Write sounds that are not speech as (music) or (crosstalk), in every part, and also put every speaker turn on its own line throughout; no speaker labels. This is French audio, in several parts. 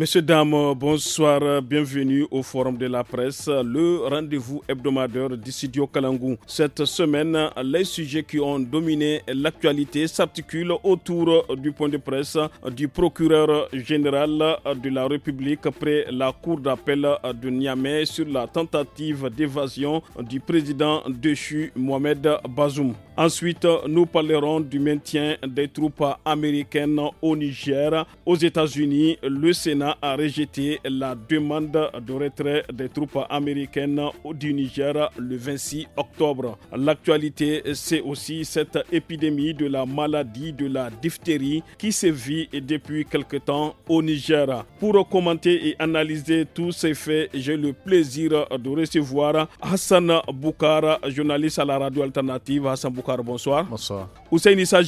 Messieurs, dames, bonsoir, bienvenue au Forum de la presse, le rendez-vous hebdomadaire d'Issidio Kalangou. Cette semaine, les sujets qui ont dominé l'actualité s'articulent autour du point de presse du procureur général de la République près la cour d'appel de Niamey sur la tentative d'évasion du président déchu Mohamed Bazoum. Ensuite, nous parlerons du maintien des troupes américaines au Niger. Aux États-Unis, le Sénat a rejeté la demande de retrait des troupes américaines du Niger le 26 octobre. L'actualité, c'est aussi cette épidémie de la maladie de la diphtérie qui sévit depuis quelque temps au Niger. Pour commenter et analyser tous ces faits, j'ai le plaisir de recevoir Hassan Boukara, journaliste à la radio alternative. Hassan Boukara bonsoir. Bonsoir. Hussein Issa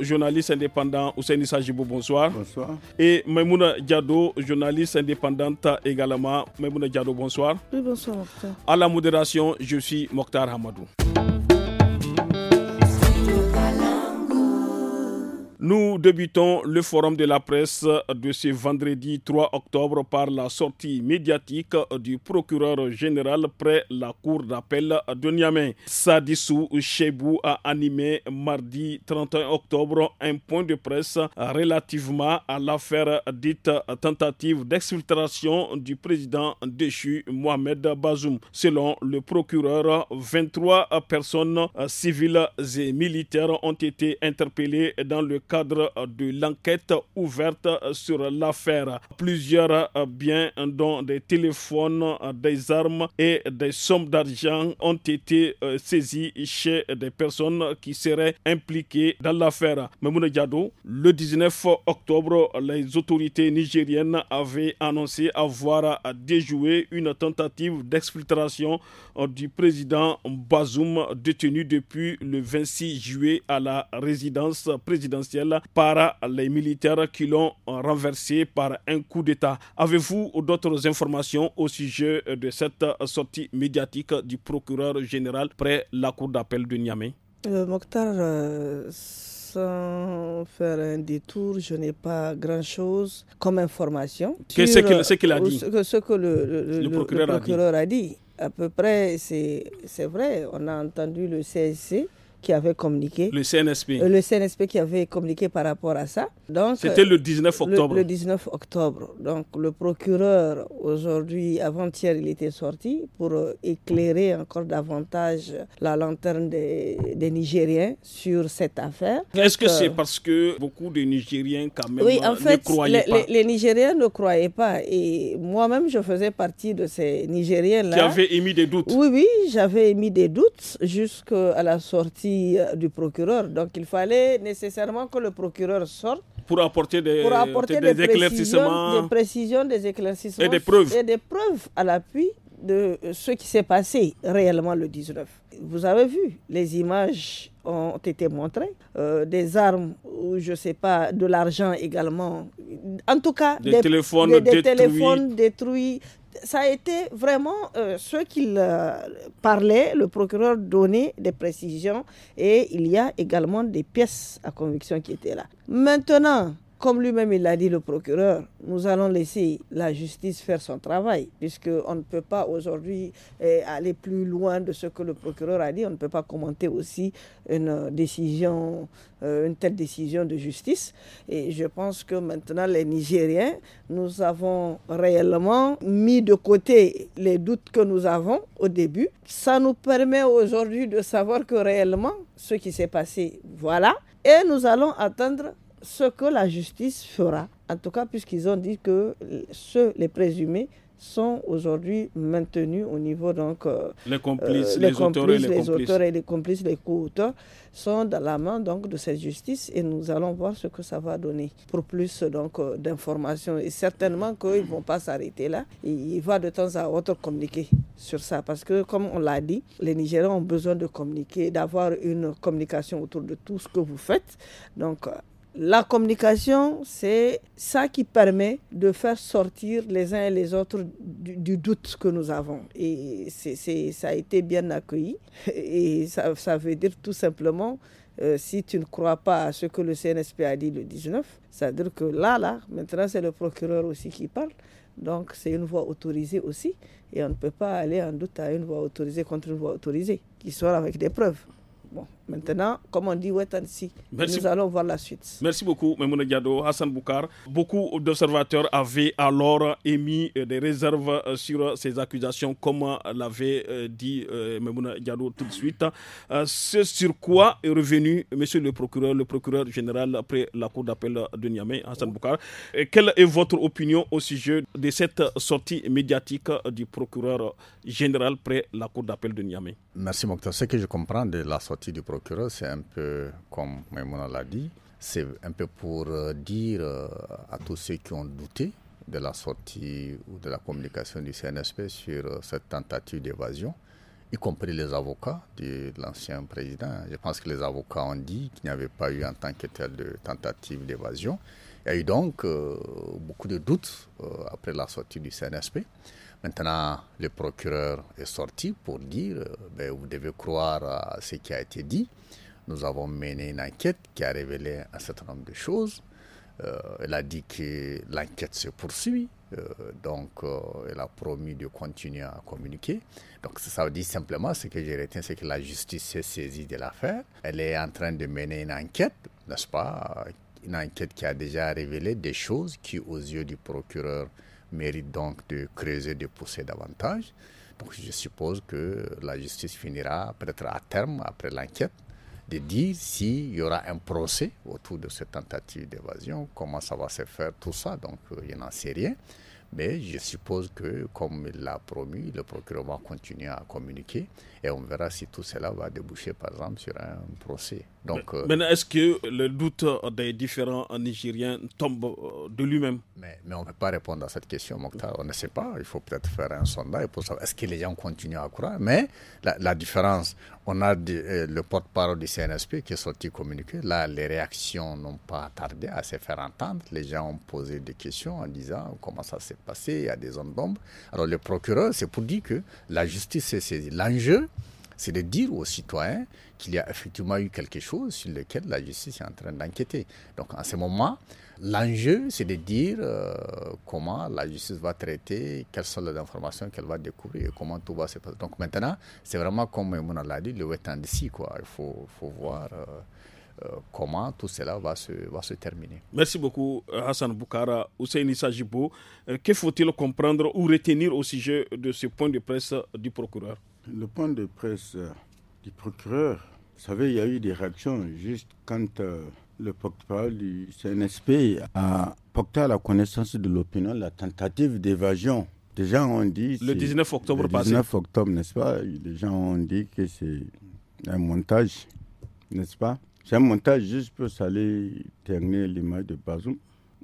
journaliste indépendant. Hussein Issa bonsoir. Bonsoir. Et Maimouna Diado, journaliste indépendante également. Maimouna Diado, bonsoir. Oui, bonsoir, Mokhtar. À la modération, je suis Mokhtar Hamadou. Nous débutons le forum de la presse de ce vendredi 3 octobre par la sortie médiatique du procureur général près la cour d'appel de Niamey. Sadissou Chebou a animé mardi 31 octobre un point de presse relativement à l'affaire dite tentative d'exfiltration du président déchu Mohamed Bazoum. Selon le procureur, 23 personnes civiles et militaires ont été interpellées dans le cadre de l'enquête ouverte sur l'affaire. Plusieurs euh, biens, dont des téléphones, euh, des armes et des sommes d'argent, ont été euh, saisis chez des personnes qui seraient impliquées dans l'affaire. Memoune le 19 octobre, les autorités nigériennes avaient annoncé avoir déjoué une tentative d'exfiltration du président Bazoum détenu depuis le 26 juillet à la résidence présidentielle par les militaires qui l'ont renversé par un coup d'État. Avez-vous d'autres informations au sujet de cette sortie médiatique du procureur général près la cour d'appel de Niamey
euh, Mokhtar, euh, sans faire un détour, je n'ai pas grand-chose comme information. Qu'est-ce qu'il a euh, dit Ce, que le, procureur a dit. A dit. À peu près, c'est vrai, on a entendu le CSC avait communiqué. Le CNSP. Euh, le CNSP qui avait communiqué par rapport à ça. Donc C'était le
19 euh, octobre. Le,
19 octobre. Donc le procureur, aujourd'hui, avant-hier, il était sorti pour euh, éclairer encore davantage la lanterne des, Nigériens sur cette affaire. Est-ce que c'est
parce que beaucoup de Nigériens, quand même, oui, en fait, ne croyaient les, en les, les
Nigériens ne croyaient pas. Et moi-même, je faisais partie de ces Nigériens-là. Qui avaient émis des doutes. Oui, oui, j'avais émis des doutes jusqu'à la sortie euh, du procureur. Donc il fallait nécessairement que le procureur sorte pour apporter des, des, éclaircissements, des précisions, des éclaircissements et des preuves, à l'appui de ce qui s'est passé réellement le 19. Vous avez vu, les images ont été montrées, euh, des armes, ou je ne sais pas, de l'argent également. En tout cas, des, téléphones détruits, ça a été vraiment euh, ce qu'il parlait. Le procureur donnait des précisions et il y a également des pièces à conviction qui étaient là. Maintenant, comme lui-même il l'a dit le procureur, nous allons laisser la justice faire son travail, puisqu'on ne peut pas aujourd'hui eh, aller plus loin de ce que le procureur a dit. On ne peut pas commenter aussi une décision, euh, une telle décision de justice. Et je pense que maintenant, les Nigériens, nous avons réellement mis de côté les doutes que nous avons au début. Ça nous permet aujourd'hui de savoir que réellement, ce qui s'est passé, voilà. Et nous allons attendre ce que la justice fera, en tout cas puisqu'ils ont dit que ceux, les présumés, sont aujourd'hui maintenus au niveau donc euh, les complices, euh, les, auteurs et les, les complices. auteurs et les complices, les co-auteurs sont dans la main donc de cette justice et nous allons voir ce que ça va donner pour plus donc euh, d'informations et certainement qu'ils vont pas s'arrêter là. Et il va de temps à autre communiquer sur ça parce que comme on l'a dit, les Nigériens ont besoin de communiquer, d'avoir une communication autour de tout ce que vous faites donc la communication, c'est ça qui permet de faire sortir les uns et les autres du, doute que nous avons. Et c'est, ça a été bien accueilli. (laughs) Et ça, veut dire tout simplement euh, si tu ne crois pas à ce que le CNSP a dit le 19, ça veut dire que là, là, maintenant c'est le procureur aussi qui parle, donc c'est une voix autorisée aussi, et on ne peut pas aller en doute à une voie autorisée contre une voie autorisée, qui soit avec des preuves. Bon, Maintenant, comme on dit, wait Nous allons voir la suite.
Merci beaucoup, Memouna Diado, Hassan Boukar. Beaucoup d'observateurs avaient alors émis euh, des réserves euh, sur euh, ces accusations, comme l'avait dit Memouna Diado tout de suite. Ce sur quoi est revenu, monsieur le procureur, le procureur général après la cour d'appel de Niamey, Hassan Boukar. Quelle est votre opinion au sujet de cette sortie médiatique du procureur général près la cour d'appel de Niamey
Merci, Mokhtar. Ce que je comprends de la sortie du procureur, c'est un peu, comme Maimouna l'a dit, c'est un peu pour euh, dire euh, à tous ceux qui ont douté de la sortie ou de la communication du CNSP sur euh, cette tentative d'évasion, y compris les avocats de l'ancien président. Je pense que les avocats ont dit qu'il n'y avait pas eu en tant que tel de tentative d'évasion. Il y a eu donc beaucoup de doutes après la sortie du CNSP. Maintenant, le procureur est sorti pour dire, euh, ben, vous devez croire à ce qui a été dit. Nous avons mené une enquête qui a révélé un certain nombre de choses. Euh, elle a dit que l'enquête se poursuit. Euh, donc, elle a promis de continuer à communiquer. Donc, ça veut dire simplement ce que j'ai retenu, c'est que la justice s'est saisie de l'affaire. Elle est en train de mener une enquête, n'est-ce pas Une enquête qui a déjà révélé des choses qui, aux yeux du procureur, mérite donc de creuser, de pousser davantage. Donc je suppose que la justice finira peut-être à terme, après l'enquête, de dire s'il y aura un procès autour de cette tentative d'évasion, comment ça va se faire, tout ça. Donc euh, je n'en sais rien. Mais je suppose que, comme il l'a promis, le procureur va continuer à communiquer et on verra si tout cela va déboucher, par exemple, sur un procès. Donc, mais, euh, maintenant,
est-ce que le doute des différents Nigériens tombe euh,
de lui-même mais, on ne peut pas répondre à cette question, Mokhtar. On ne sait pas. Il faut peut-être faire un sondage pour savoir est-ce que les gens continuent à croire. Mais la, la différence, on a euh, le porte-parole du CNSP qui est sorti communiquer. Là, les réactions n'ont pas tardé à se faire entendre. Les gens ont posé des questions en disant comment ça s'est passé, il y a des zones d'ombre. Alors, le procureur, c'est pour dire que la justice s'est saisie. L'enjeu, c'est de dire aux citoyens qu'il y a effectivement eu quelque chose sur lequel la justice est en train d'enquêter. Donc en ce moment, l'enjeu, c'est de dire euh, comment la justice va traiter, quelles sont les informations qu'elle va découvrir et comment tout va se passer. Donc maintenant, c'est vraiment comme Mouna l'a dit, le week d'ici. quoi. Il faut, voir. Euh, euh, comment tout cela va se, terminer.
Merci beaucoup Hassan Boukara, Ousseini Sajibo. que faut-il comprendre ou retenir au sujet de ce point de presse du procureur
le point de presse euh, du procureur, vous savez, il y a eu des réactions juste quand euh, le porte du CNSP a porté à la connaissance de l'opinion la tentative d'évasion. Des gens ont dit. Le 19 octobre Le 19 octobre, n'est-ce pas Les gens ont dit que c'est un montage, n'est-ce pas C'est un montage juste pour saler terminer l'image de Bazoum.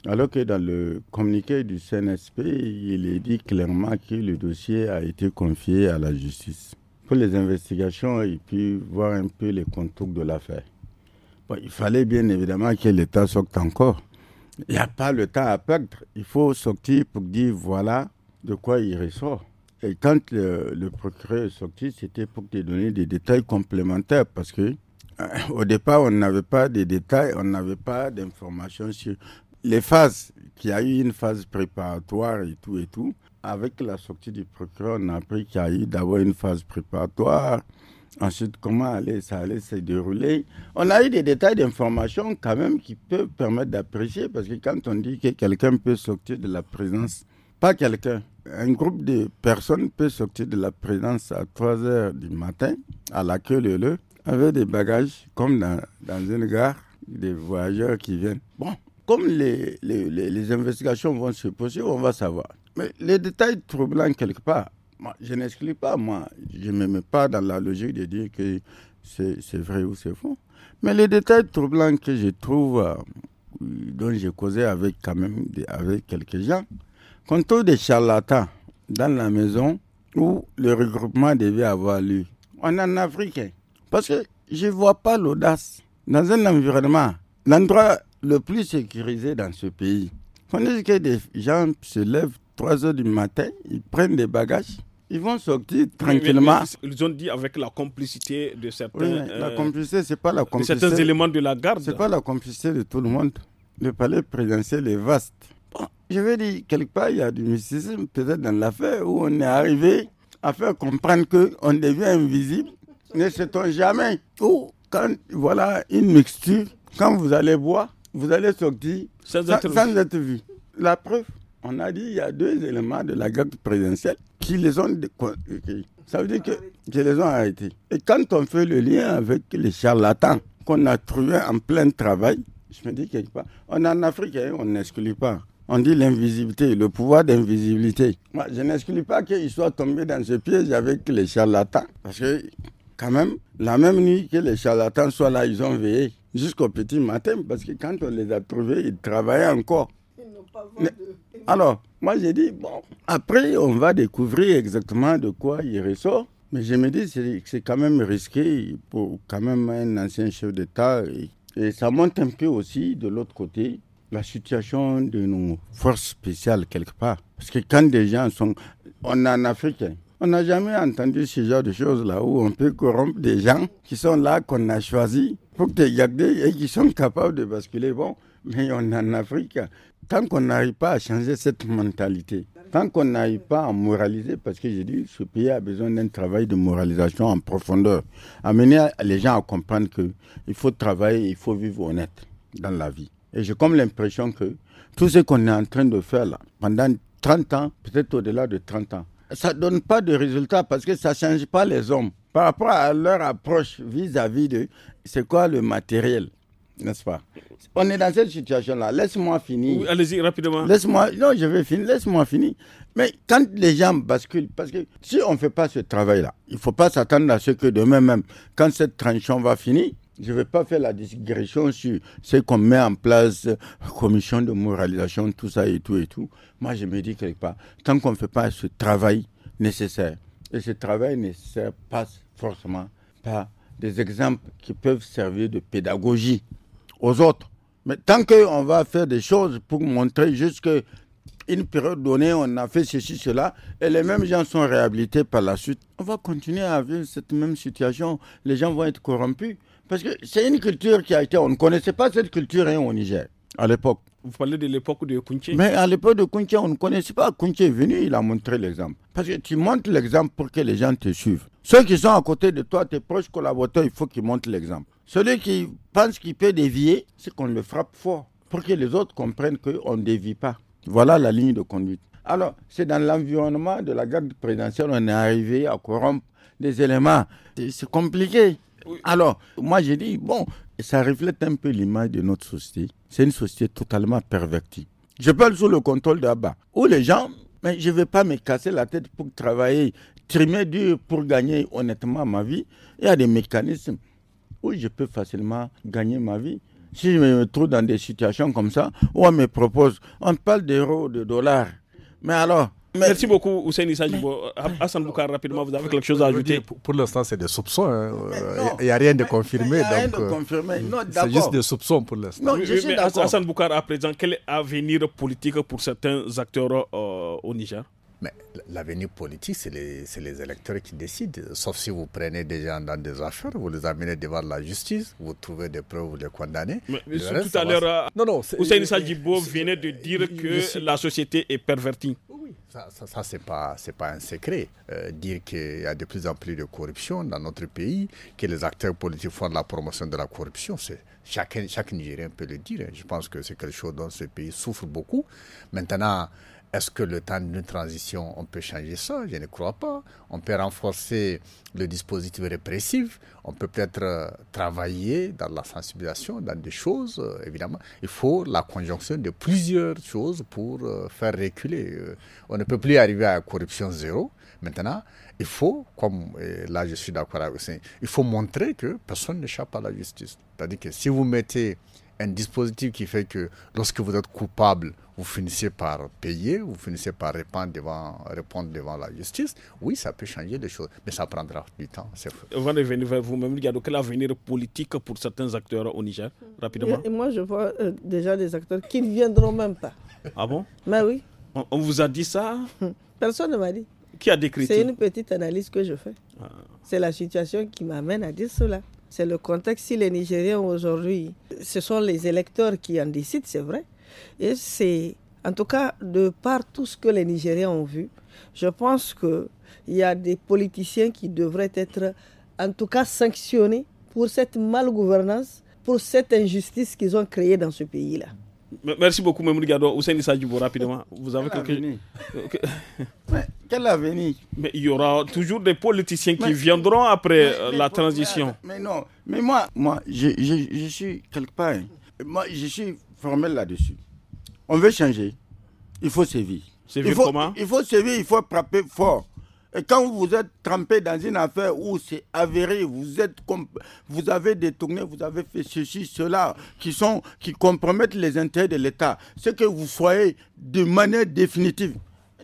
Alors que dans le communiqué du CNSP, il est dit clairement que le dossier a été confié à la justice. Pour les investigations et puis voir un peu les contours de l'affaire. il fallait bien évidemment que l'État sorte encore. Il n'y a pas le temps à perdre. Il faut sortir pour dire voilà de quoi il ressort. Et quand le, procureur est sorti, c'était pour te donner des détails complémentaires parce que euh, au départ, on n'avait pas de détails, on n'avait pas d'informations sur les phases, qu'il y a eu une phase préparatoire et tout et tout. Avec la sortie du procureur, on a appris qu'il y a eu d'abord une phase préparatoire. Ensuite, comment allait, ça allait se dérouler. On a eu des détails d'information quand même qui peuvent permettre d'apprécier parce que quand on dit que quelqu'un peut sortir de la présence, pas quelqu'un, un groupe de personnes peut sortir de la présence à 3 h du matin à la queue le le avec des bagages comme dans, dans une gare, des voyageurs qui viennent. Bon, comme les, les, les, investigations vont se poser, on va savoir. Mais les détails troublants quelque part, moi, je n'exclus pas, moi, je ne me mets pas dans la logique de dire que c'est vrai ou c'est faux. Mais les détails troublants que je trouve, euh, dont j'ai causé avec quand même avec quelques gens, quant aux des charlatans dans la maison où le regroupement devait avoir lieu, on en Afrique. Hein. Parce que je ne vois pas l'audace dans un environnement, l'endroit le plus sécurisé dans ce pays. dit que des gens se lèvent 3 heures du matin, ils prennent des bagages, ils vont sortir tranquillement.
ils ont dit avec la complicité de certains. la euh, complicité, c'est pas la complicité. certains éléments
de la garde. C'est pas la complicité de tout le monde. Le palais présidentiel est vaste. Bon, je veux dire, quelque part, il y a du mysticisme, peut-être dans l'affaire, où on est arrivé à faire comprendre qu'on devient invisible, ne sait-on jamais. Ou quand, voilà, une mixture, quand vous allez boire, vous allez sortir sans, être vu. La preuve, on a dit il y a deux éléments de la guerre présidentielle qui les ont Ça veut dire que, les ont arrêtés. Et quand on fait le lien avec les charlatans qu'on a trouvés en plein travail, je me dis quelque part, on est en Afrique, hein, on n'exclut pas. On dit l'invisibilité, le pouvoir d'invisibilité. Moi, je n'exclus pas qu'ils soient tombés dans ce piège avec les charlatans. Parce que, quand même, la même nuit que les charlatans soient là, ils ont veillé jusqu'au petit matin parce que quand on les a trouvés, ils travaillaient encore. Alors, moi j'ai dit, bon, après on va découvrir exactement de quoi il ressort. Mais je me dis, c'est quand même risqué pour quand même un ancien chef d'État. Et, ça monte un peu aussi de l'autre côté la situation de nos forces spéciales quelque part. Parce que quand des gens sont... On est en Afrique. Hein. On n'a jamais entendu ce genre de choses là où on peut corrompre des gens qui sont là, qu'on a choisis pour te garder et qui sont capables de basculer. Bon, mais on est en Afrique. Tant qu'on n'arrive pas à changer cette mentalité, tant qu'on n'arrive pas à moraliser, parce que j'ai dit, ce pays a besoin d'un travail de moralisation en profondeur. Amener les gens à comprendre qu'il faut travailler, il faut vivre honnête dans la vie. Et j'ai comme l'impression que tout ce qu'on est en train de faire là, pendant 30 ans, peut-être au-delà de 30 ans, ça ne donne pas de résultats parce que ça ne change pas les hommes par rapport à leur approche vis-à-vis de c'est quoi le matériel, n'est-ce pas On est dans cette situation-là. Laisse-moi finir.
Allez-y rapidement. Laisse-moi.
Non, je vais finir. Laisse-moi finir. Mais quand les gens basculent, parce que si on ne fait pas ce travail-là, il ne faut pas s'attendre à ce que demain même, quand cette tranchant va finir, je ne vais pas faire la digression sur ce qu'on met en place, commission de moralisation, tout ça et tout et tout. Moi, je me dis quelque part, tant qu'on ne fait pas ce travail nécessaire, et ce travail nécessaire passe forcément par des exemples qui peuvent servir de pédagogie aux autres. Mais tant qu'on va faire des choses pour montrer juste qu'une période donnée, on a fait ceci, cela, et les mêmes gens sont réhabilités par la suite, on va continuer à vivre cette même situation. Les gens vont être corrompus. Parce que c'est une culture qui a été, on ne connaissait pas cette culture hein, au Niger. À l'époque. Vous parlez de l'époque de Kunche Mais à l'époque de Kunche, on ne connaissait pas. Kunche est venu, il a montré l'exemple. Parce que tu montres l'exemple pour que les gens te suivent. Ceux qui sont à côté de toi, tes proches collaborateurs, il faut qu'ils montrent l'exemple. Celui qui pense qu'il peut dévier, c'est qu'on le frappe fort pour que les autres comprennent qu'on ne dévie pas. Voilà la ligne de conduite. Alors, c'est dans l'environnement de la garde présidentielle, on est arrivé à corrompre des éléments. C'est compliqué. Alors, moi, j'ai dit, bon, ça reflète un peu l'image de notre société. C'est une société totalement pervertie. Je parle sous le contrôle d'Abba, où les gens, mais je ne vais pas me casser la tête pour travailler, trimer dur pour gagner honnêtement ma vie. Il y a des mécanismes où je peux facilement gagner ma vie. Si je me trouve dans des situations comme ça, où on me propose, on parle d'euros, de dollars. Mais alors, Merci beaucoup, Ousseini Sanjibo. Ah, Hassan Boukar,
rapidement, vous avez
quelque chose à ajouter Pour, l'instant, c'est des soupçons. Hein. Il n'y a rien de confirmé. Euh, c'est juste des soupçons pour l'instant. Hassan
Boukar, à présent, quel est l'avenir
politique pour certains acteurs euh, au Niger mais l'avenir politique, c'est les, électeurs qui décident. Sauf si vous prenez des gens dans des affaires, vous les amenez devant la justice, vous trouvez des preuves, vous les condamnez. Mais, tout à l'heure, non, non, euh, euh, venait de euh, dire que la société est pervertie. Oui, ça, ça, ça c'est pas, un secret. dire qu'il y a de plus en plus de corruption dans notre pays, que les acteurs politiques font de la promotion de la corruption, c'est chacun, chaque Nigérien peut le dire. Hein. Je pense que c'est quelque chose dont ce pays souffre beaucoup. Maintenant, est-ce que le temps d'une transition, on peut changer ça Je ne crois pas. On peut renforcer le dispositif répressif. On peut peut-être euh, travailler dans la sensibilisation, dans des choses, euh, évidemment. Il faut la conjonction de plusieurs choses pour euh, faire reculer. On ne peut plus arriver à corruption zéro. Maintenant, il faut, comme là je suis d'accord avec vous, il faut montrer que personne n'échappe à la justice. C'est-à-dire que si vous mettez un dispositif qui fait que lorsque vous êtes coupable, vous finissez par payer, vous finissez par répondre devant, répondre devant la justice. Oui, ça peut changer les choses, mais ça prendra du temps.
On va vers vous-même. Il y a donc l'avenir politique pour certains acteurs au Niger, rapidement. Et
moi, je vois euh, déjà des acteurs qui ne viendront même pas. Ah bon Mais bah oui.
On, vous a dit ça
hum. Personne ne m'a dit. Qui a décrit C'est une petite analyse que je fais. Ah. C'est la situation qui m'amène à dire cela. C'est le contexte. Si les Nigériens aujourd'hui, ce sont les électeurs qui en décident, c'est vrai. Et c'est, en tout cas, de par tout ce que les Nigériens ont vu, je pense qu'il y a des politiciens qui devraient être, en tout cas, sanctionnés pour cette malgouvernance, pour cette injustice qu'ils ont créée dans ce pays-là.
Merci beaucoup, Memoud Gado. Ousseini Issadjibo, rapidement. Vous avez quelque (laughs) Mais quel avenir Mais il y aura toujours des politiciens qui viendront après euh, la transition. Euh, mais
non, mais moi, moi je, je, suis quelque part. Hein. Moi, je suis formel là-dessus. On veut changer. Il faut sévir. Sévir comment Il faut sévir, il faut frapper fort. Et quand vous êtes trempé dans une affaire où c'est avéré, vous, êtes vous avez détourné, vous avez fait ceci, cela, qui, sont, qui compromettent les intérêts de l'État, c'est que vous soyez de manière définitive.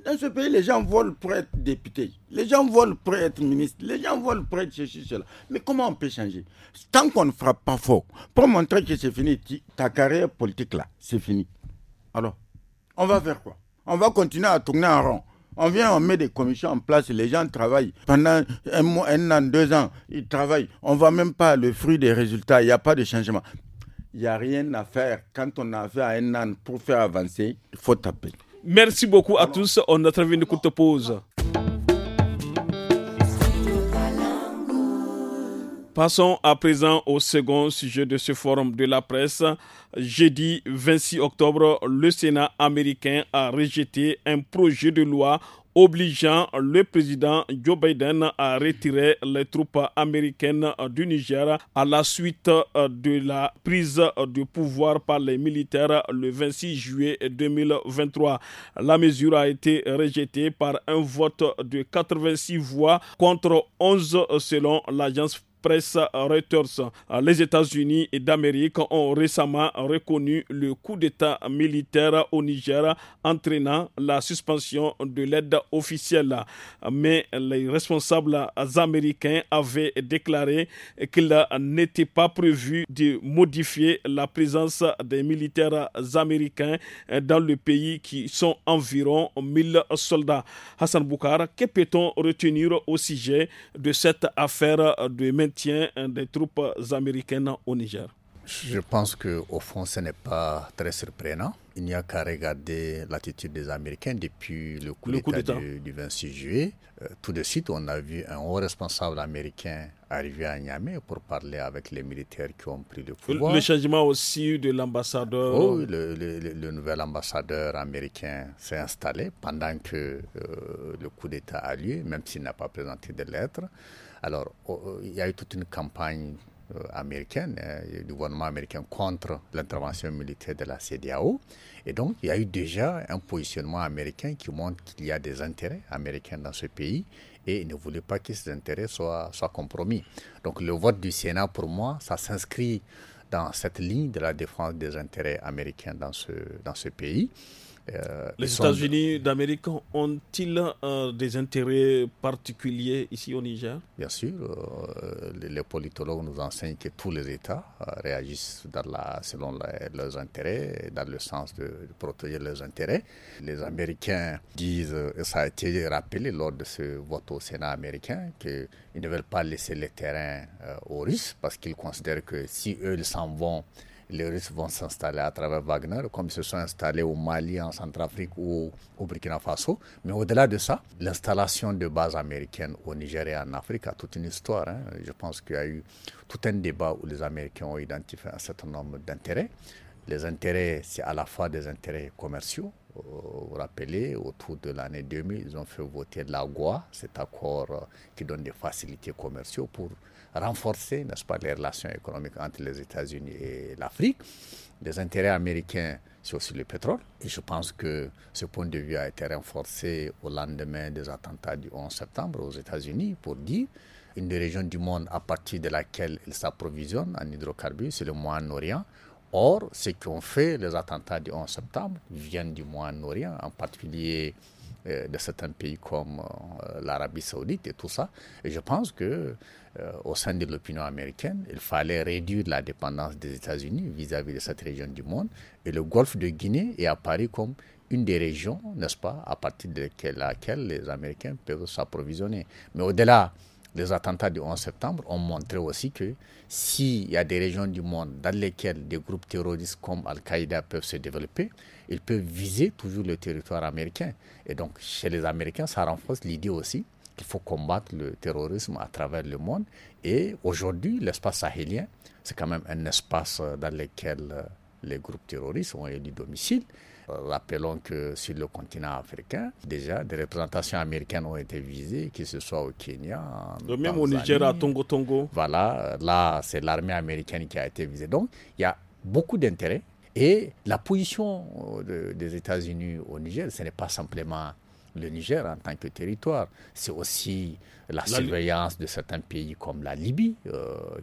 Dans ce pays, les gens volent pour être députés, les gens volent pour être ministres, les gens volent pour être ceci, cela. Mais comment on peut changer Tant qu'on ne frappe pas fort, pour montrer que c'est fini, ta carrière politique là, c'est fini. Alors, on va faire quoi On va continuer à tourner en rond. On vient, on met des commissions en place, les gens travaillent. Pendant un, mois, un an, deux ans, ils travaillent. On ne voit même pas le fruit des résultats, il n'y a pas de changement. Il n'y a rien à faire. Quand on a fait un an pour faire avancer, il faut taper. Merci beaucoup à tous. On a travaillé une courte pause.
Passons à présent au second sujet de ce forum de la presse. Jeudi 26 octobre, le Sénat américain a rejeté un projet de loi obligeant le président Joe Biden à retirer les troupes américaines du Niger à la suite euh, de la prise de pouvoir par les militaires le 26 juillet 2023. La mesure a été rejetée par un vote de 86 voix contre 11 selon l'agence presse Reuters. Les États-Unis et d'Amérique ont récemment reconnu le coup d'État militaire au Niger, entraînant la suspension de l'aide officielle. Mais les responsables américains avaient déclaré qu'il n'était pas prévu de modifier la présence des militaires américains dans le pays qui sont environ 1000 soldats. Hassan Boukar, que peut-on retenir au sujet de cette affaire de main maintien hein, des troupes américaines au
Niger je pense qu'au fond, ce n'est pas très surprenant. Il n'y a qu'à regarder l'attitude des Américains depuis le coup, d'État du, 26 juillet. Euh, tout de suite, on a vu un haut responsable américain arriver à Niamey pour parler avec les militaires qui ont pris le pouvoir. Le changement aussi de l'ambassadeur. Oh, oui, le, nouvel ambassadeur américain s'est installé pendant que euh, le coup d'État a lieu, même s'il n'a pas présenté de lettres. Alors, oh, oh, il y a eu toute une campagne euh, américaine, hein, du gouvernement américain contre l'intervention militaire de la CDAO. Et donc, il y a eu déjà un positionnement américain qui montre qu'il y a des intérêts américains dans ce pays et ils ne voulaient pas que ces intérêts soient, compromis. Donc, le vote du Sénat, pour moi, ça s'inscrit dans cette ligne de la défense des intérêts américains dans ce pays. Euh, les États-Unis
d'Amérique ont-ils euh, des intérêts particuliers ici au Niger
Bien sûr, euh, les, politologues nous enseignent que tous les États réagissent dans la, selon leurs intérêts, dans le sens de, protéger leurs intérêts. Les Américains disent, et ça a été rappelé lors de ce vote au Sénat américain, qu'ils ne veulent pas laisser le terrain aux Russes parce qu'ils considèrent que si eux ils s'en vont, les Russes vont s'installer à travers Wagner, comme ils se sont installés au Mali, en Centrafrique ou au Burkina Faso. Mais au-delà de ça, l'installation de bases américaines au Niger et en Afrique a toute une histoire. Hein. Je pense qu'il y a eu tout un débat où les Américains ont identifié un certain nombre d'intérêts. Les intérêts, c'est à la fois des intérêts commerciaux. Vous euh, vous rappelez, autour de l'année 2000, ils ont fait voter l'AGOA, cet accord euh, qui donne des facilités commerciaux pour renforcer, n'est-ce pas, les relations économiques entre les États-Unis et l'Afrique. Les intérêts américains, c'est aussi le pétrole. Et je pense que ce point de vue a été renforcé au lendemain des attentats du 11 septembre aux États-Unis pour dire une des régions du monde à partir de laquelle ils s'approvisionnent en hydrocarbures, c'est le Moyen-Orient. Or, ce qu'ont fait les attentats du 11 septembre viennent du Moyen-Orient, en particulier euh, de certains pays comme euh, l'Arabie saoudite et tout ça. Et je pense que euh, au sein de l'opinion américaine, il fallait réduire la dépendance des États-Unis vis-à-vis de cette région du monde. Et le golfe de Guinée est apparu comme une des régions, n'est-ce pas, à partir de laquelle les Américains peuvent s'approvisionner. Mais au-delà les attentats du 11 septembre ont montré aussi que s'il y a des régions du monde dans lesquelles des groupes terroristes comme Al-Qaïda peuvent se développer, ils peuvent viser toujours le territoire américain. Et donc, chez les Américains, ça renforce l'idée aussi qu'il faut combattre le terrorisme à travers le monde. Et aujourd'hui, l'espace sahélien, c'est quand même un espace euh, dans lequel euh, les groupes terroristes ont eu du domicile. Rappelons euh, que sur le continent africain, déjà, des représentations américaines ont été visées, que ce soit au Kenya. En euh, même au Niger, à Tongo Tongo. Voilà, là, c'est l'armée américaine qui a été visée. Donc, il y a beaucoup d'intérêt. Et la position euh, des États-Unis au Niger, ce n'est pas simplement le Niger en tant que territoire. C'est aussi la, surveillance de certains pays comme la Libye,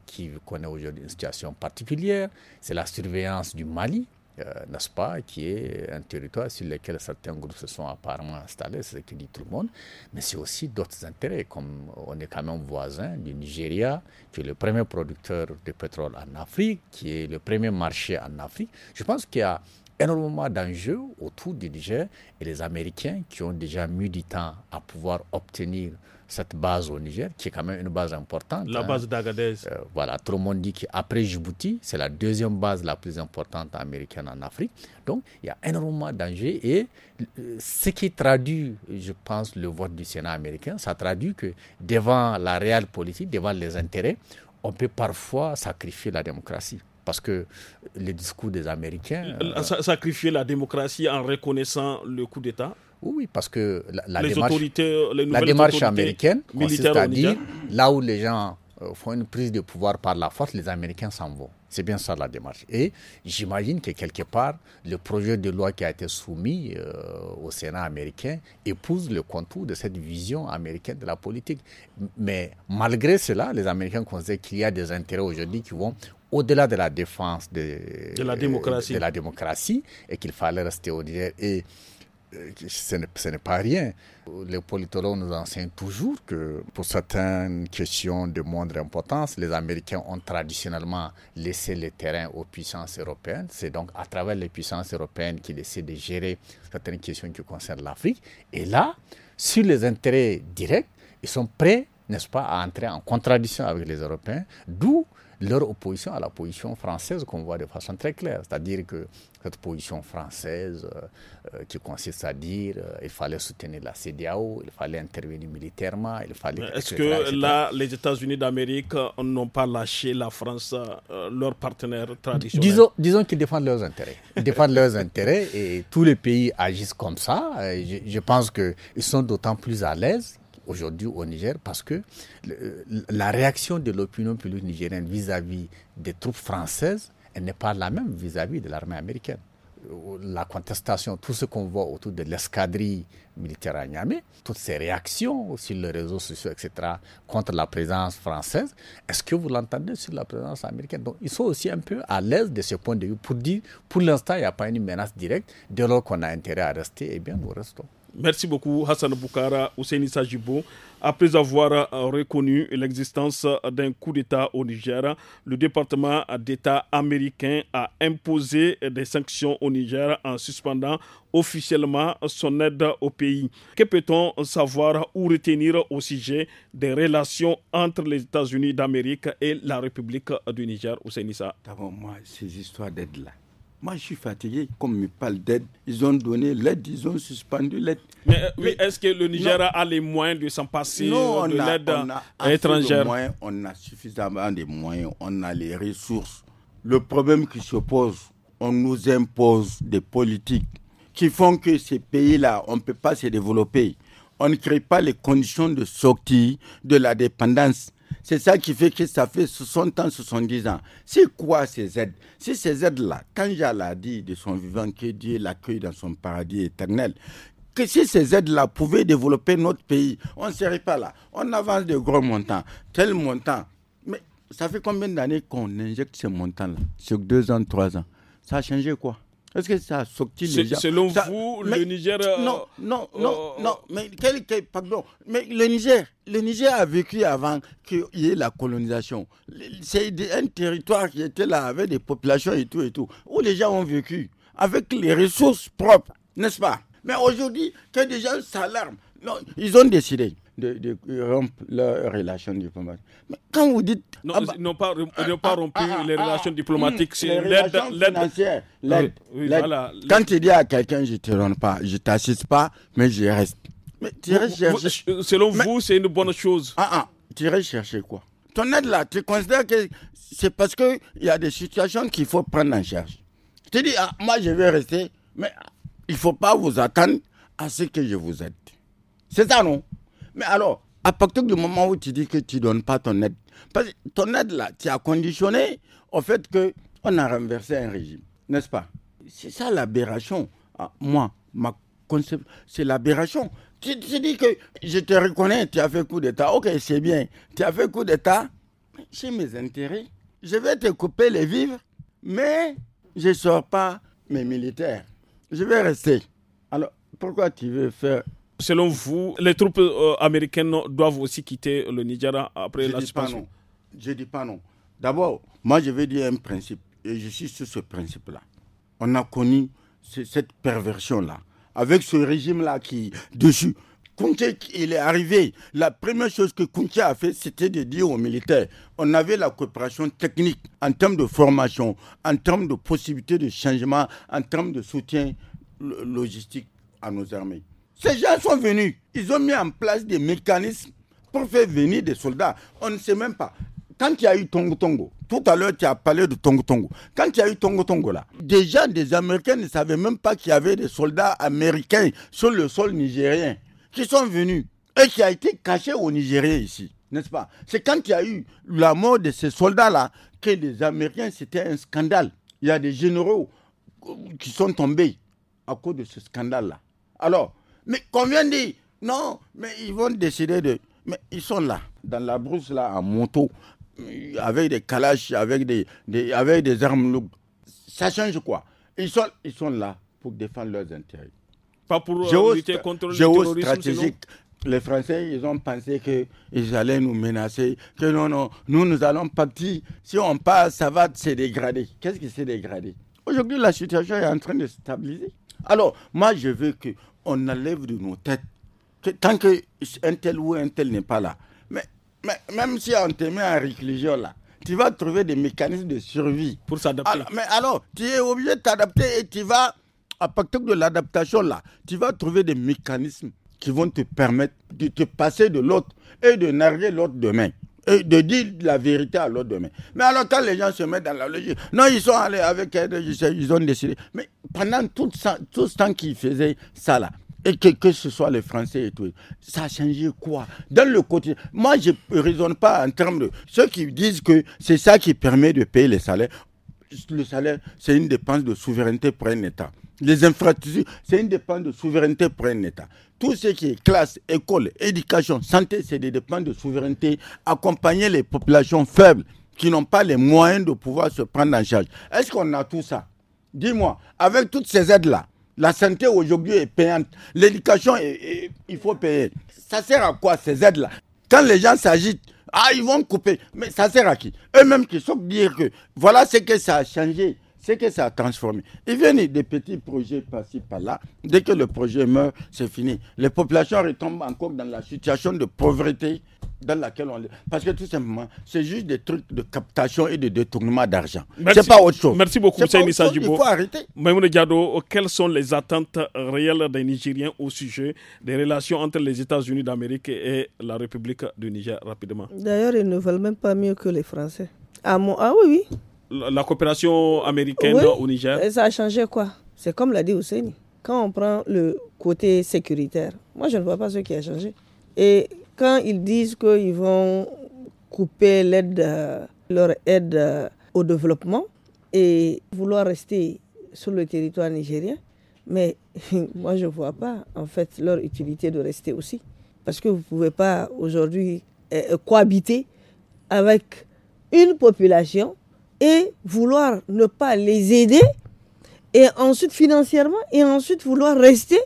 qui connaît aujourd'hui une situation particulière. C'est la surveillance du Mali, euh, n'est-ce pas, qui est un territoire sur lequel certains groupes se sont apparemment installés, c'est ce que dit tout le monde, mais c'est aussi d'autres intérêts, comme on est quand même voisin du Nigeria, qui est le premier producteur de pétrole en Afrique, qui est le premier marché en Afrique. Je pense qu'il y a énormément d'enjeux autour du Niger et les Américains qui ont déjà mis du temps à pouvoir obtenir cette base au Niger, qui est quand même une base importante. La hein. base d'Agadez. Euh, voilà, tout le monde dit qu'après Djibouti, c'est la deuxième base la plus importante américaine en Afrique. Donc, il y a énormément dangers. et euh, ce qui traduit, je pense, le vote du Sénat américain, ça traduit que devant la réelle politique, devant les intérêts, on peut parfois sacrifier la démocratie parce que les discours des Américains...
sacrifier la démocratie en reconnaissant le coup d'État
oui, parce que la, démarche, euh, américaine consiste à dire là où les gens euh, font une prise de pouvoir par la force, les Américains s'en vont. C'est bien ça la démarche. Et j'imagine que quelque part, le projet de loi qui a été soumis euh, au Sénat américain épouse le contour de cette vision américaine de la politique. Mais malgré cela, les Américains considèrent qu'il y a des intérêts aujourd'hui qui vont au-delà de la défense de, la, démocratie. et qu'il fallait rester au Niger. Et euh, ce n'est pas rien. Les politologues nous enseignent toujours que pour certaines questions de moindre importance, les Américains ont traditionnellement laissé le terrain aux puissances européennes. C'est donc à travers les puissances européennes qu'ils essaient de gérer certaines questions qui concernent l'Afrique. Et là, sur les intérêts directs, ils sont prêts, n'est-ce pas, à entrer en contradiction avec les Européens, d'où leur opposition à la position française qu'on voit de façon très claire. C'est-à-dire que cette position française euh, euh, qui consiste à dire qu'il euh, il fallait soutenir la CDAO, il fallait intervenir militairement, il fallait... Est-ce que là,
les États-Unis d'Amérique n'ont pas lâché la France, leur partenaire traditionnel
Disons, disons qu'ils défendent leurs intérêts. Ils défendent leurs intérêts et tous les pays agissent comme ça. Je, je pense qu'ils sont d'autant plus à l'aise aujourd'hui au Niger parce que euh, la réaction de l'opinion publique nigérienne vis-à-vis des troupes françaises, elle n'est pas la même vis-à-vis de l'armée américaine. Euh, la contestation, tout ce qu'on voit autour de l'escadrille militaire à Niamey, toutes ces réactions sur les réseaux sociaux, etc., contre la présence française, est-ce que vous l'entendez sur la présence américaine Donc, ils sont aussi un peu à l'aise de ce point de vue pour dire, pour l'instant, il n'y a pas une menace directe, dès lors qu'on a intérêt à rester, eh bien, nous restons.
Merci beaucoup Hassan Boukara, Ouseni Sajibo. Après avoir euh, reconnu l'existence d'un coup d'État au Niger, le département d'État américain a imposé des sanctions au Niger en suspendant officiellement son aide au pays. Que peut-on savoir ou retenir au sujet des relations entre les États-Unis d'Amérique et la République du Niger, Nissa
D'abord, moi, ces histoires d'aide-là, moi, je suis fatigué. Comme me parle d'aide, ils ont donné l'aide, ils ont suspendu l'aide.
Mais, euh, oui, est-ce que le Niger a les moyens de s'en passer non, de l'aide étrangère de moyens,
On a suffisamment de moyens, on a les ressources. Le problème qui se pose, on nous impose des politiques qui font que ces pays-là, on ne peut pas se développer. On ne crée pas les conditions de sortie de la dépendance. C'est ça qui fait que ça fait 60 ans, 70 ans. C'est quoi ces aides Si ces aides-là, quand Jal a dit de son vivant que Dieu l'accueille dans son paradis éternel, que si ces aides-là pouvaient développer notre pays, on ne serait pas là. On avance de gros montants, tel montant. Mais ça fait combien d'années qu'on injecte ces montants-là Sur deux ans, trois ans. Ça a changé quoi est-ce que ça sortit les gens Selon vous, le Niger. Euh, non, non, non, euh, non. Mais Mais le Niger, le Niger a vécu avant qu'il y ait la colonisation. C'est un territoire qui était là avec des populations et tout et tout, où les gens ont vécu avec les ressources propres, n'est-ce pas Mais aujourd'hui, que des gens s'alarment, non, ils ont décidé de, rompre leurs relations diplomatiques.
Mais quand vous dites... Non, ah bah, non pas, rompu les relations diplomatiques, c'est l'aide... financière, l'aide. quand
tu dis à quelqu'un, je ne te rends pas, je ne t'assiste pas, mais je reste. selon vous, c'est une bonne chose. Ah, ah, tu chercher quoi Ton aide là, tu considères que c'est parce que il y a des situations qu'il faut prendre en charge. Tu dis, ah, moi je vais rester, mais il ne faut pas vous attendre à ce que je vous aide. C'est ça, non mais alors, à partir du moment où tu dis que tu ne donnes pas ton aide, parce que ton aide là, tu as conditionné au fait qu'on a renversé un régime, n'est-ce pas C'est ça l'aberration. Ah, moi, ma conception, c'est l'aberration. Tu te dis que je te reconnais, tu as fait coup d'État. Ok, c'est bien. Tu as fait coup d'État. C'est mes intérêts. Je vais te couper les vivres, mais je ne sors pas mes militaires. Je vais rester. Alors, pourquoi tu veux faire selon vous,
les troupes euh, américaines doivent aussi quitter le Nigeria après la Je ne dis pas non.
D'abord, moi, je vais dire un principe, et je suis sur ce principe-là. On a connu cette perversion-là, avec ce régime-là qui, dessus, Kounté, il est arrivé. La première chose que Kounté a fait, c'était de dire aux militaires, on avait la coopération technique en termes de formation, en termes de possibilités de changement, en termes de soutien logistique à nos armées. Ces gens sont venus. Ils ont mis en place des mécanismes pour faire venir des soldats. On ne sait même pas. Quand il y a eu Tongo Tongo, tout à l'heure tu as parlé de Tongo Tongo. Quand il y a eu Tongo Tongo là, déjà des Américains ne savaient même pas qu'il y avait des soldats américains sur le sol nigérien qui sont venus et qui a été caché aux Nigériens ici. N'est-ce pas C'est quand il y a eu la mort de ces soldats-là que les Américains, c'était un scandale. Il y a des généraux qui sont tombés à cause de ce scandale-là. Alors, mais combien dit Non, mais ils vont décider de. Mais ils sont là, dans la brousse, là, en moto, avec des calaches, avec des, avec des armes lourdes. Ça change quoi ils sont, ils sont là pour défendre leurs intérêts.
Pas pour euh, lutter contre le géostratégique.
Les Français, ils ont pensé qu'ils allaient nous menacer, que non, non, nous, nous allons partir. Si on passe, ça va se dégrader. Qu'est-ce qui s'est dégradé Aujourd'hui, la situation est en train de se stabiliser. Alors, moi, je veux que on enlève de nos têtes. Tant qu'un tel ou un tel n'est pas là, mais, même si on te met en réclusion là, tu vas trouver des mécanismes de survie. Pour s'adapter. mais alors, tu es obligé de t'adapter et tu vas, à partir de l'adaptation là, tu vas trouver des mécanismes qui vont te permettre de te passer de l'autre et de narguer l'autre demain de dire la vérité à l'autre demain. Mais alors quand les gens se mettent dans la logique, non, ils sont allés avec elle, ils ont décidé. Mais pendant tout, tout ce temps qu'ils faisaient ça là, et que, que, ce soit les Français et tout, ça a changé quoi Dans le quotidien, moi je ne raisonne pas en termes de ceux qui disent que c'est ça qui permet de payer les salaires le salaire, c'est une dépense de souveraineté pour un État. Les infrastructures, c'est une dépense de souveraineté pour un État. Tout ce qui est classe, école, éducation, santé, c'est des dépenses de souveraineté. Accompagner les populations faibles qui n'ont pas les moyens de pouvoir se prendre en charge. Est-ce qu'on a tout ça Dis-moi, avec toutes ces aides-là, la santé aujourd'hui est payante, l'éducation, il faut payer. Ça sert à quoi ces aides-là Quand les gens s'agitent, ah, ils vont couper. Mais ça sert à qui Eux-mêmes qui sont dire que voilà ce que ça a changé, ce que ça a transformé. Ils viennent des petits projets par-ci, par-là. Dès que le projet meurt, c'est fini. Les populations retombent encore dans la situation de pauvreté dans laquelle on... Parce que tout simplement, c'est juste des trucs de captation et de détournement d'argent. C'est pas autre chose. Merci beaucoup, Il faut arrêter.
quelles sont les attentes réelles des Nigériens au sujet des relations entre les États-Unis d'Amérique et la République du Niger, rapidement
D'ailleurs, ils ne veulent même pas mieux que les Français. Ah, ah oui, oui. La, coopération
américaine au Niger
et Ça a changé quoi C'est comme l'a dit Ousseini. Quand on prend le côté sécuritaire, moi, je ne vois pas ce qui a changé. Et quand ils disent qu'ils vont couper euh, leur aide euh, au développement et vouloir rester sur le territoire nigérien, mais (laughs) moi je ne vois pas en fait leur utilité de rester aussi. Parce que vous ne pouvez pas aujourd'hui euh, cohabiter avec une population et vouloir ne pas les aider et ensuite financièrement et ensuite vouloir rester.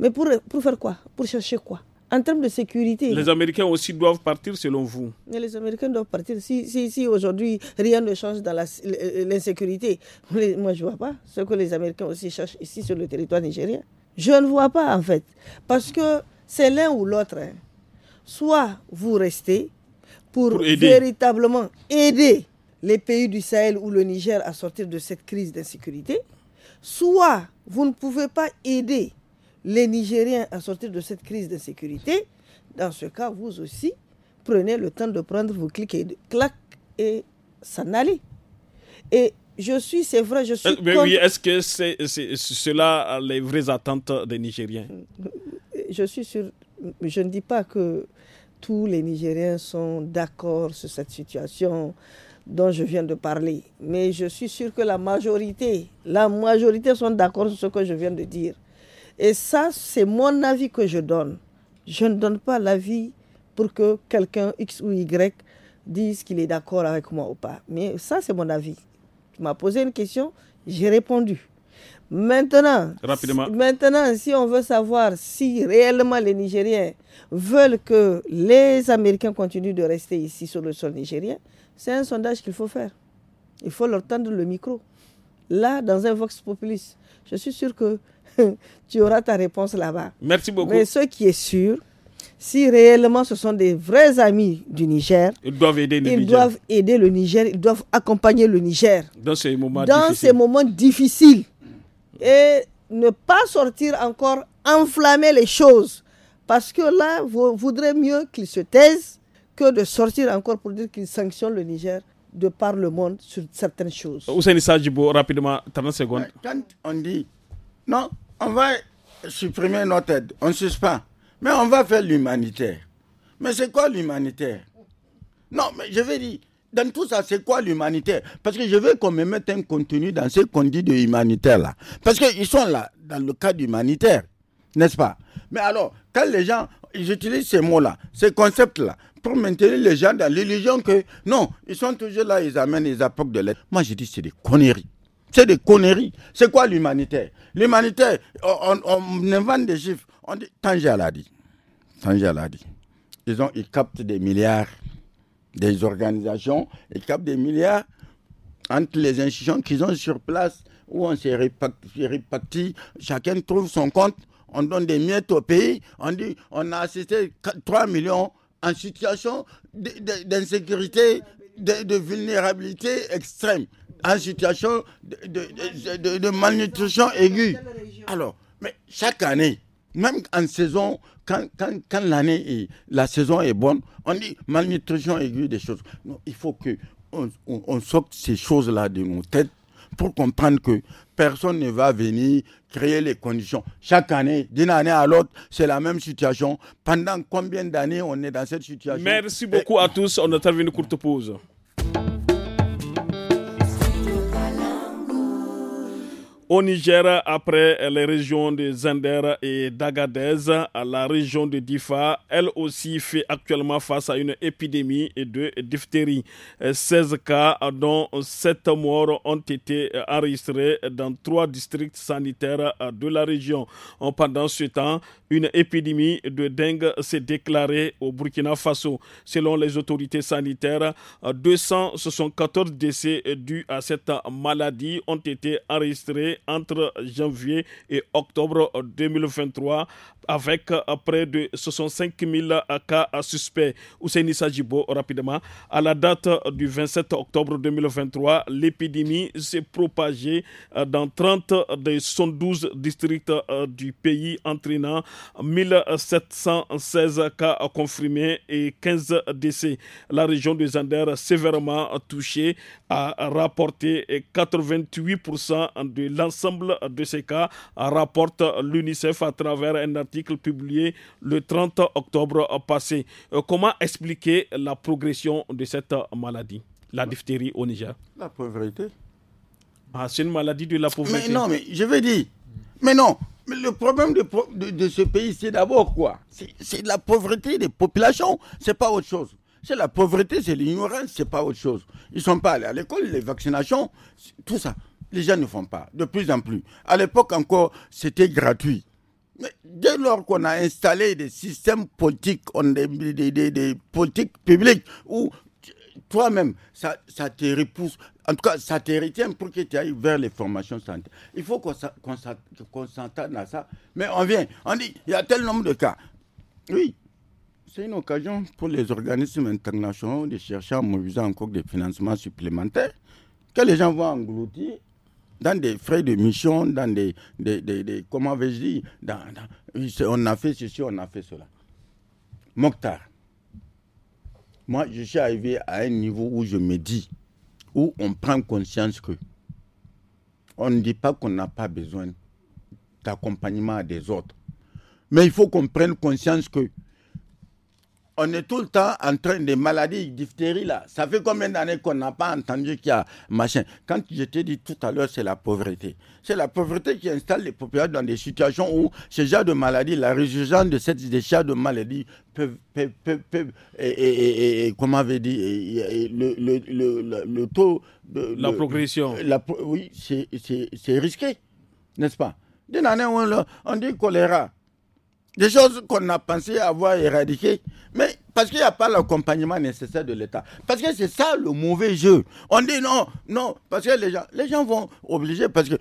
Mais pour, pour faire quoi Pour chercher quoi en termes de sécurité. Les
Américains aussi doivent partir selon vous.
les Américains doivent partir. Si, si, aujourd'hui rien ne change dans euh, l'insécurité, (laughs) moi je ne vois pas ce que les Américains aussi cherchent ici sur le territoire nigérien. Je ne vois pas en fait. Parce que c'est l'un ou l'autre. Hein. Soit vous restez pour, véritablement aider les pays du Sahel ou le Niger à sortir de cette crise d'insécurité, soit vous ne pouvez pas aider les Nigériens à sortir de cette crise d'insécurité, dans ce cas, vous aussi, prenez le temps de prendre vos clics et de et s'en aller. Et je suis, c'est vrai, je suis. Euh, mais oui, est-ce
que c'est cela euh, les vraies attentes des Nigériens
Je suis sûr, je ne dis pas que tous les Nigériens sont d'accord sur cette situation dont je viens de parler, mais je suis sûr que la majorité, la majorité sont d'accord sur ce que je viens de dire. Et ça, c'est mon avis que je donne. Je ne donne pas l'avis pour que quelqu'un X ou Y dise qu'il est d'accord avec moi ou pas. Mais ça, c'est mon avis. Tu m'as posé une question, j'ai répondu. Maintenant, Rapidement. maintenant, si on veut savoir si réellement les Nigériens veulent que les Américains continuent de rester ici sur le sol nigérien, c'est un sondage qu'il faut faire. Il faut leur tendre le micro. Là, dans un vox populiste, je suis sûr que (laughs) tu auras ta réponse là-bas. Merci beaucoup. Mais ce qui est sûr, si réellement ce sont des vrais amis du Niger,
ils doivent aider le, ils Niger. Doivent
aider le Niger, ils doivent accompagner le Niger
dans ces moments, dans difficiles.
Ces moments difficiles. Et ne pas sortir encore enflammer les choses. Parce que là, vous voudrez mieux qu'ils se taisent que de sortir encore pour dire qu'ils sanctionnent le Niger de par le monde sur certaines choses. Ousseini
Sajibo, rapidement, 30 secondes.
Quand on dit non, on va supprimer notre aide, on suspend. Mais on va faire l'humanitaire. Mais c'est quoi l'humanitaire Non, mais je veux dire, dans tout ça, c'est quoi l'humanitaire Parce que je veux qu'on me mette un contenu dans ce qu'on dit de humanitaire là. Parce qu'ils sont là, dans le cadre humanitaire, n'est-ce pas Mais alors, quand les gens, ils utilisent ces mots-là, ces concepts-là, pour maintenir les gens dans l'illusion que, non, ils sont toujours là, ils amènent, ils apportent de l'aide. Moi, je dis, c'est des conneries. C'est des conneries. C'est quoi l'humanitaire L'humanitaire, on, invente des chiffres. On dit, Tanger l'a dit. Tanger Ils, ont, ils captent des milliards des organisations, ils captent des milliards entre les institutions qu'ils ont sur place, où on se répartit, chacun trouve son compte, on donne des miettes au pays, on dit on a assisté 3 millions en situation d'insécurité, de vulnérabilité extrême en situation de, malnutrition aiguë. Alors, mais chaque année, même en saison, quand, quand, quand la saison est bonne, on dit malnutrition aiguë des choses. il faut que on, sorte ces choses-là de nos têtes pour comprendre que personne ne va venir créer les conditions. Chaque année, d'une année à l'autre, c'est la même situation. Pendant combien d'années on est dans cette situation
Merci beaucoup à tous. On a terminé une courte pause. Au Niger, après les régions de Zender et d'Agadez, la région de Difa, elle aussi fait actuellement face à une épidémie de diphtérie. 16 cas, dont 7 morts, ont été enregistrés dans trois districts sanitaires de la région. Pendant ce temps, une épidémie de dengue s'est déclarée au Burkina Faso. Selon les autorités sanitaires, 274 décès dus à cette maladie ont été enregistrés entre janvier et octobre 2023 avec euh, près de 65 000 euh, cas euh, suspects. Ousseini Sajibo, rapidement, à la date du 27 octobre 2023, l'épidémie s'est propagée dans 30 des 112 districts du pays, entraînant 1716 cas confirmés et 15 décès. La région de Zander, sévèrement touchée, a rapporté 88% de l'ensemble l'ensemble de ces cas, rapporte l'UNICEF à travers un article publié le 30 octobre passé. Euh, comment expliquer la progression de cette maladie, la bah, diphtérie au Niger
La pauvreté. Ah, c'est une maladie de la pauvreté. Mais non, mais je veux dire, mais non, mais le problème de, ce pays, c'est d'abord quoi C'est la pauvreté des populations, c'est pas autre chose. C'est la pauvreté, c'est l'ignorance, c'est pas autre chose. Ils sont pas allés à l'école, les vaccinations, tout ça les gens ne font pas, de plus en plus. À l'époque encore, c'était gratuit. Mais dès lors qu'on a installé des systèmes politiques, on, des, politiques publiques, où toi-même, ça, te repousse, en tout cas, ça te retient pour que tu ailles vers les formations santé. Il faut qu'on s'entende à ça. Mais on vient, on dit, il y a tel nombre de cas. Oui, c'est une occasion pour les organismes internationaux de chercher à mobiliser encore des financements supplémentaires que les gens vont engloutir dans des frais de mission, dans des, comment vais-je dire, on a fait ceci, on a fait cela. Mokhtar, moi je suis arrivé à un niveau où je me dis, où on prend conscience que on ne dit pas qu'on n'a pas besoin d'accompagnement des autres. Mais il faut qu'on prenne conscience que on est tout le temps en train de maladies, diphtérie là. Ça fait combien d'années qu'on n'a pas entendu qu'il y a machin Quand je t'ai dit tout à l'heure, c'est la pauvreté. C'est la pauvreté qui installe les populations dans des situations où ce genre de maladie, la résurgence de cette des de maladie peuvent, et, et, et, comment avait dit le, le, le, taux de la progression. oui, c'est risqué, n'est-ce pas D'une année on, on dit choléra. Des choses qu'on a pensé avoir éradiquées, mais parce qu'il n'y a pas l'accompagnement nécessaire de l'État. Parce que c'est ça le mauvais jeu. On dit non, non, parce que les gens, les gens vont obliger, parce que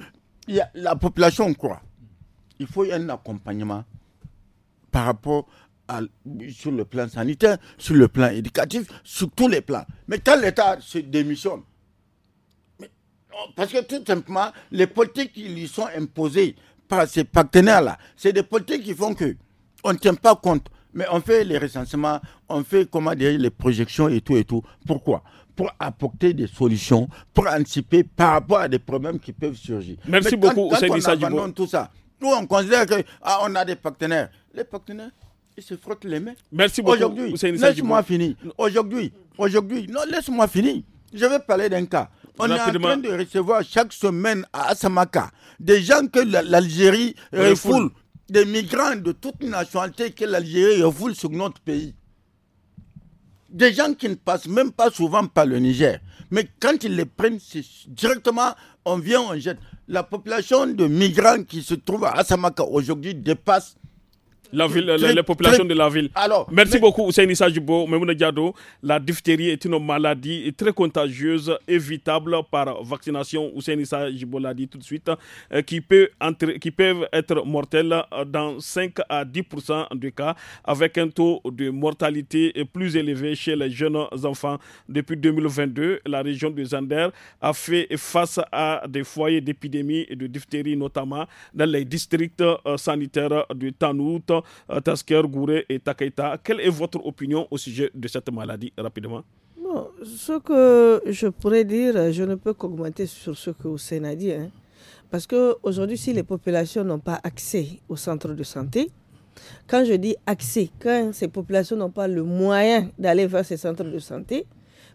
la population croit. Il faut un accompagnement par rapport à, sur le plan sanitaire, sur le plan éducatif, sur tous les plans. Mais quand l'État se démissionne, oh, parce que tout simplement, les politiques qui lui sont imposées par ces partenaires-là, c'est des politiques qui font que on ne tient pas compte. Mais on fait les recensements, on fait comment dire, les projections et tout et tout. Pourquoi Pour apporter des solutions, pour anticiper par rapport à des problèmes qui peuvent surgir. Merci beaucoup, quand on abandonne tout ça, nous on considère qu'on ah, on a des partenaires. Les partenaires, ils se frottent les mains. Merci beaucoup. Aujourd'hui, laisse-moi finir. Aujourd'hui, aujourd'hui, non, laisse-moi finir. Je vais parler d'un cas. On est en train de recevoir chaque semaine à Asamaka des gens que l'Algérie refoule des migrants de toute nationalité que l'Algérie refoule sur notre pays. Des gens qui ne passent même pas souvent par le Niger. Mais quand ils les prennent, directement, on vient, on jette. La population de migrants qui se trouve à Assamaka aujourd'hui dépasse la ville, de la ville. Alors, Merci beaucoup, Ousseini Sajibo, Memouna Diado.
La diphtérie est une maladie très contagieuse, évitable par vaccination. Issa Jibo l'a dit tout de suite, euh, qui, peut entre, qui peuvent être mortelles euh, dans 5 à 10 des cas, avec un taux de mortalité plus élevé chez les jeunes enfants. Depuis 2022, la région de Zander a fait face à des foyers d'épidémie de diphtérie, notamment dans les districts euh, sanitaires de Tanout. Tasker Gouré et Takaita. Quelle est votre opinion au sujet de cette maladie rapidement
Ce que je pourrais dire, je ne peux qu'augmenter sur ce que Hussein a dit. Hein. Parce qu'aujourd'hui, si les populations n'ont pas accès aux centres de santé, quand je dis accès, quand ces populations n'ont pas le moyen d'aller vers ces centres de santé,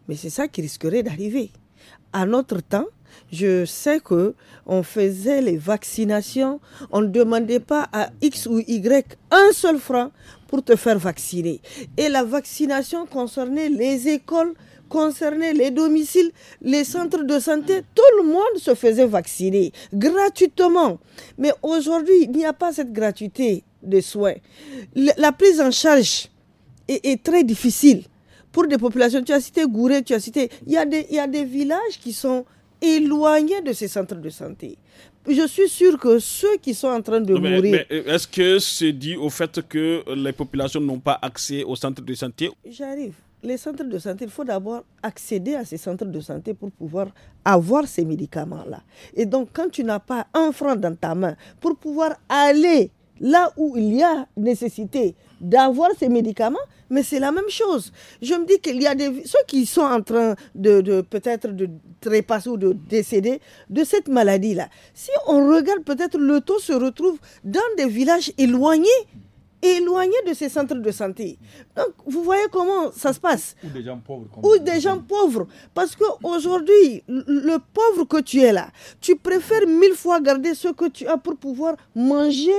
mais c'est ça qui risquerait d'arriver. À notre temps, je sais que on faisait les vaccinations, on ne demandait pas à X ou Y un seul franc pour te faire vacciner. Et la vaccination concernait les écoles, concernait les domiciles, les centres de santé, tout le monde se faisait vacciner gratuitement. Mais aujourd'hui, il n'y a pas cette gratuité de soins. La prise en charge est très difficile pour des populations, tu as cité Gouré, tu as cité, il y, a des, des villages qui sont éloignés de ces centres de santé. Je suis sûr que ceux qui sont en train de mourir.
Euh, est-ce que c'est dû au fait que euh, les populations n'ont pas accès aux centres de santé
J'arrive. Les centres de santé, il faut d'abord accéder à ces centres de santé pour pouvoir avoir ces médicaments-là. Et donc, quand tu n'as pas un franc dans ta main pour pouvoir aller là où il y a nécessité d'avoir ces médicaments, mais c'est la même chose. Je me dis qu'il y a des, ceux qui sont en train de, peut-être de trépasser ou de décéder de cette maladie-là. Si on regarde, peut-être le taux se retrouve dans des villages éloignés éloignés de ces centres de santé. Donc, vous voyez comment ça se passe. Ou des gens pauvres. Ou des gens pauvres. Parce qu'aujourd'hui, le pauvre que tu es là, tu préfères mille fois garder ce que tu as pour pouvoir manger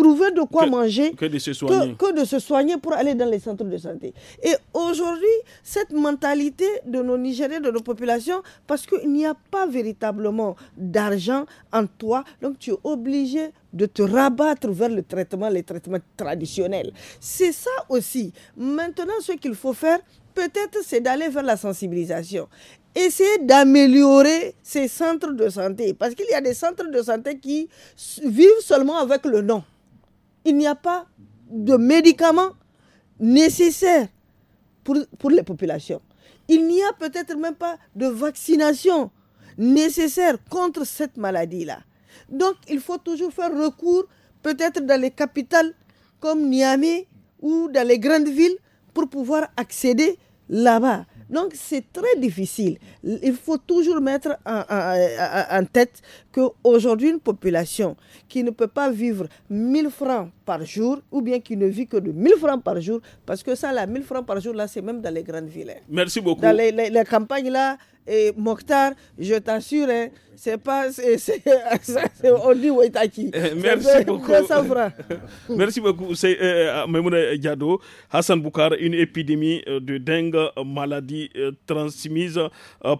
trouver de quoi manger que
de, se soigner.
de se soigner pour aller dans les centres de santé. Et aujourd'hui, cette mentalité de nos Nigériens, de nos populations, parce qu'il n'y a pas véritablement d'argent en toi, donc tu es obligé de te rabattre vers le traitement, les traitements traditionnels. C'est ça aussi. Maintenant, ce qu'il faut faire, peut-être, c'est d'aller vers la sensibilisation essayer d'améliorer ces centres de santé. Parce qu'il y a des centres de santé qui vivent seulement avec le nom il n'y a pas de médicaments nécessaires pour, les populations. Il n'y a peut-être même pas de vaccination nécessaire contre cette maladie-là. Donc, il faut toujours faire recours, peut-être dans les capitales comme Niamey ou dans les grandes villes, pour pouvoir accéder là-bas. Donc c'est très difficile. Il faut toujours mettre en, en, en tête qu'aujourd'hui, une population qui ne peut pas vivre 1000 francs par jour ou bien qui ne vit que de 1000 francs par jour, parce que ça, là, 1000 francs par jour, là, c'est même dans les grandes villes. Hein.
Merci beaucoup. Dans
les campagnes, là, et Mokhtar, je t'assure, hein, c'est pas. c'est, dit est, on Waitaki. Eh, merci beaucoup. (laughs) Merci
beaucoup. C'est euh, euh Diado, Hassan Boukar, une épidémie euh, de dengue, maladie euh, transmise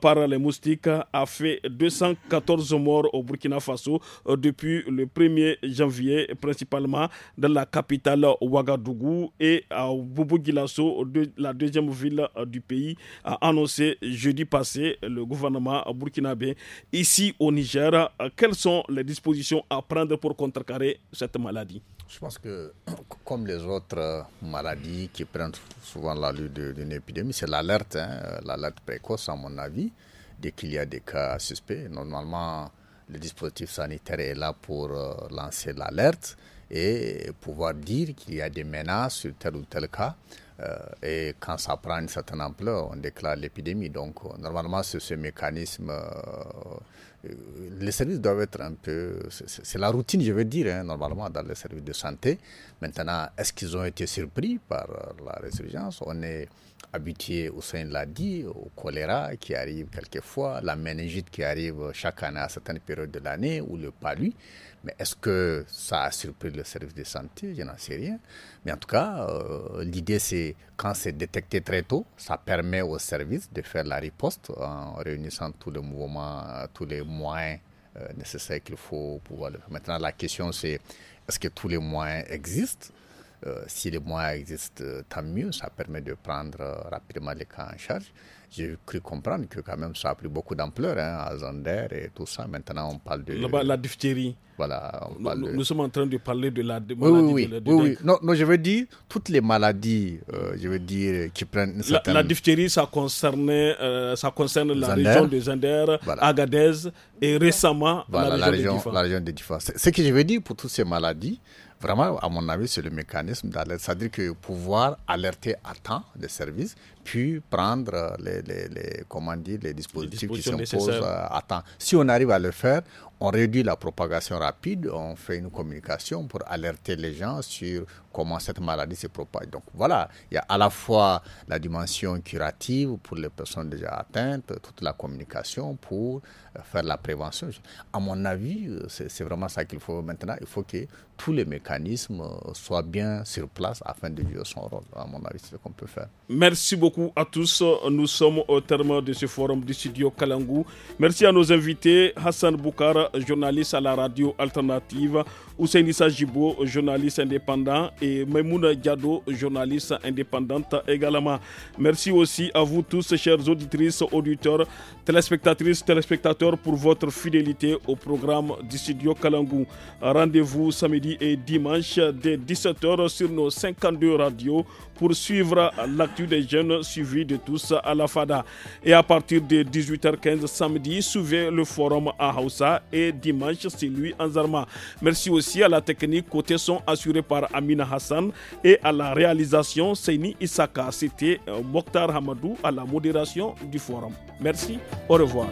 par les moustiques, a fait 214 morts au Burkina Faso depuis le 1er janvier, principalement dans la capitale Ouagadougou et à boubou Gilasso, la deuxième ville du pays, a annoncé jeudi passé le gouvernement burkinabé. Ici au Niger, quelles sont les dispositions à prendre pour contrecarrer cette maladie
Je pense que, (clears throat) comme les autres maladies qui prennent souvent la lutte d'une épidémie, c'est l'alerte, hein, l'alerte précoce, à mon avis, dès qu'il y a des cas suspects. Normalement, le dispositif sanitaire est là pour euh, lancer l'alerte et pouvoir dire qu'il y a des menaces sur tel ou tel cas. Euh, et quand ça prend une certaine ampleur, on déclare l'épidémie. Donc euh, normalement, c'est ce mécanisme. Euh, les services doivent être un peu... C'est la routine, je veux dire, hein, normalement, dans les services de santé. Maintenant, est-ce qu'ils ont été surpris par la résurgence On est Habitué sein Hussein l'a dit, au choléra qui arrive quelquefois, la méningite qui arrive chaque année à certaines périodes de l'année, ou le palud. Mais est-ce que ça a surpris le service de santé Je n'en sais rien. Mais en tout cas, euh, l'idée c'est quand c'est détecté très tôt, ça permet au service de faire la riposte en réunissant tous les mouvements, tous les moyens euh, nécessaires qu'il faut pouvoir le faire. Maintenant, la question c'est est-ce que tous les moyens existent euh, si les mois existent, euh, tant mieux. Ça permet de prendre euh, rapidement les cas en charge. J'ai cru comprendre que quand même ça a pris beaucoup d'ampleur hein, à Zander et tout ça. Maintenant, on parle de... la diphtérie. Voilà. nous, sommes
en train de parler de la maladie oui, oui, de
la, Non, je veux dire, toutes les maladies, je veux dire, qui prennent La, la diphtérie,
ça, concernait, ça concerne la région de Zander, Agadez et récemment
voilà, la, région de Difa. Ce que je veux dire pour toutes ces maladies, Vraiment, à mon avis, c'est le mécanisme d'alerte. C'est-à-dire que pouvoir alerter à temps les services, pu prendre euh, les, les, les, les dispositifs qui s'imposent euh, à temps. Si on arrive à le faire, on réduit la propagation rapide, on fait une communication pour alerter les gens sur comment cette maladie se propage. Donc voilà, il y a à la fois la dimension curative pour les personnes déjà atteintes, toute la communication pour euh, faire la prévention. À mon avis, c'est vraiment ça qu'il faut maintenant. Il faut que tous les mécanismes soient bien sur place afin de jouer son rôle. À mon avis, c'est ce qu'on peut faire.
Merci beaucoup beaucoup à tous. Nous sommes au terme de ce forum du studio Kalangou. Merci à nos invités Hassan Boukar, journaliste à la radio alternative, Hussein Issa Jibo, journaliste indépendant, et Maimouna Diado, journaliste indépendante également. Merci aussi à vous tous, chers auditrices, auditeurs, téléspectatrices, téléspectateurs, pour votre fidélité au programme du studio Kalangou. Rendez-vous samedi et dimanche dès 17h sur nos 52 radios pour suivre l'actu des jeunes suivis de tous à la FADA. Et à partir de 18h15 samedi, suivez le forum à Hausa et dimanche, c'est lui en Zarma. Merci aussi à la technique côté son assurée par Amina Hassan et à la réalisation Seini Isaka. C'était euh, Mokhtar Hamadou à la modération du forum. Merci, au revoir.